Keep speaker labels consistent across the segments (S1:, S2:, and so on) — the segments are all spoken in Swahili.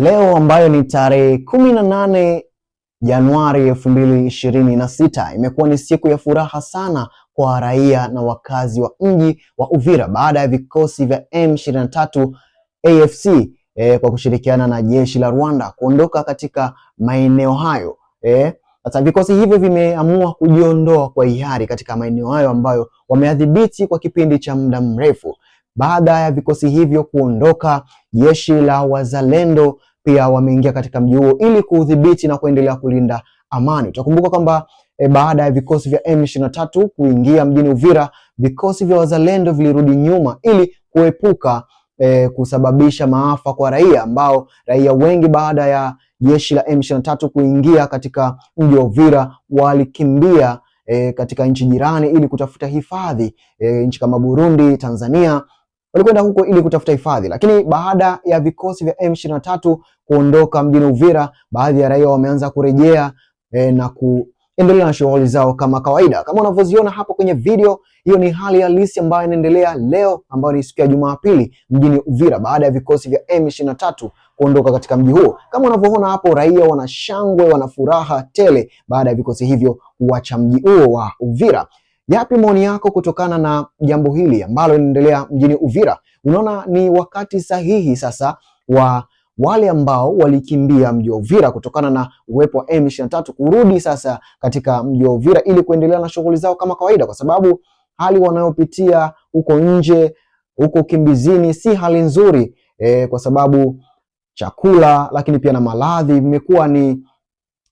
S1: Leo ambayo ni tarehe kumi na nane Januari elfu mbili ishirini na sita imekuwa ni siku ya furaha sana kwa raia na wakazi wa mji wa Uvira baada ya vikosi vya M23 AFC eh, kwa kushirikiana na jeshi la Rwanda kuondoka katika maeneo hayo eh. Sasa vikosi hivyo vimeamua kujiondoa kwa hiari katika maeneo hayo ambayo wameadhibiti kwa kipindi cha muda mrefu. Baada ya vikosi hivyo kuondoka, jeshi la wazalendo pia wameingia katika mji huo ili kuudhibiti na kuendelea kulinda amani. Utakumbuka kwamba e, baada ya vikosi vya M23 kuingia mjini Uvira, vikosi vya wazalendo vilirudi nyuma ili kuepuka e, kusababisha maafa kwa raia, ambao raia wengi baada ya jeshi la M23 kuingia katika mji wa Uvira walikimbia e, katika nchi jirani ili kutafuta hifadhi e, nchi kama Burundi, Tanzania walikwenda huko ili kutafuta hifadhi, lakini baada ya vikosi vya M23 kuondoka mjini Uvira, baadhi ya raia wameanza kurejea e, na ku endelea na shughuli zao kama kawaida. Kama unavyoziona hapo kwenye video, hiyo ni hali halisi ambayo inaendelea leo, ambayo ni siku ya Jumapili mjini Uvira, baada ya vikosi vya M23 kuondoka katika mji huo. Kama unavyoona hapo, raia wana shangwe, wana furaha tele baada ya vikosi hivyo kuacha mji huo wa Uvira. Yapi maoni yako kutokana na jambo hili ambalo linaendelea mjini Uvira? Unaona ni wakati sahihi sasa wa wale ambao walikimbia mji wa Uvira kutokana na uwepo wa M23 kurudi sasa katika mji wa Uvira ili kuendelea na shughuli zao kama kawaida, kwa sababu hali wanayopitia huko nje huko kimbizini si hali nzuri e, kwa sababu chakula lakini pia na maradhi vimekuwa ni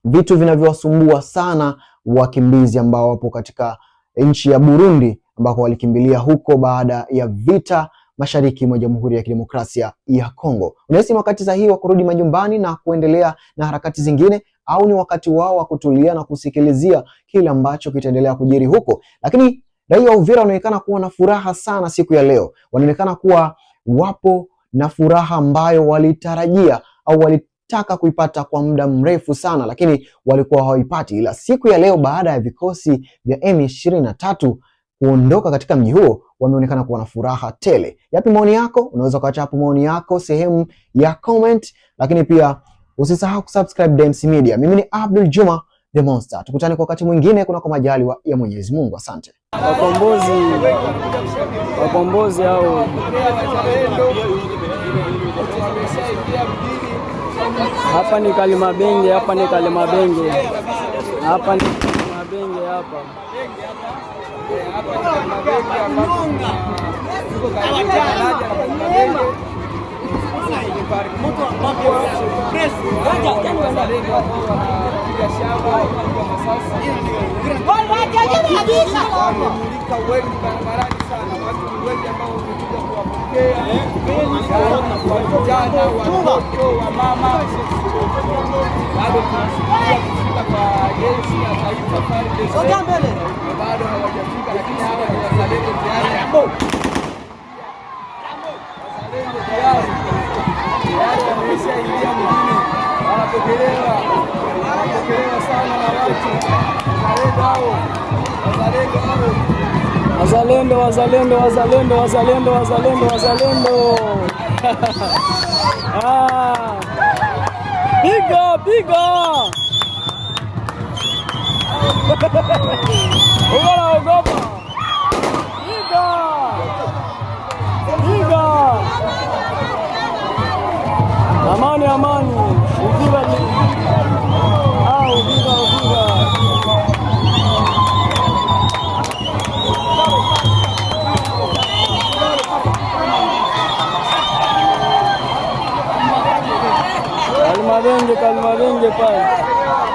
S1: vitu vinavyowasumbua sana wakimbizi ambao wapo katika nchi ya Burundi ambako walikimbilia huko baada ya vita mashariki mwa Jamhuri ya Kidemokrasia ya Kongo. Unahisi wakati sahihi wa kurudi majumbani na kuendelea na harakati zingine au ni wakati wao wa kutulia na kusikilizia kile ambacho kitaendelea kujiri huko? Lakini raia wa Uvira wanaonekana kuwa na furaha sana siku ya leo, wanaonekana kuwa wapo na furaha ambayo walitarajia au walit taka kuipata kwa muda mrefu sana, lakini walikuwa hawaipati. Ila siku ya leo baada ya vikosi vya M23 kuondoka katika mji huo wameonekana kuwa na furaha tele. Yapi maoni yako? Unaweza kuacha hapo maoni yako sehemu ya comment, lakini pia usisahau kusubscribe Dems Media. Mimi ni Abdul Juma the Monster, tukutane kwa wakati mwingine kunako majaliwa ya Mwenyezi Mungu. Asante
S2: wakombozi, wakombozi au Hapa ni Kalimabenge, hapa ni Kalimabenge, hapa ni Kalimabenge, hapa wametumika wengi barabarani sana, watu wengi ambao wamekuja kuwapokea vijana, watoto, wamama bado tunasubiria kufika kwa jeshi ya taifa FARDC, bado hawajafika, lakini hawa ni wazalendo tayari, wazalendo tayari tayari wameshaingia mjini, wanapokelewa Wazalendo, wazalendo, wazalendo, wazalendo, wazalendo, wazalendo. Ah. Piga, piga. Unaogopa. Piga. Piga. Amani, amani. Ukiwa మరేం చెప్పాలి మరేం చెప్పాలి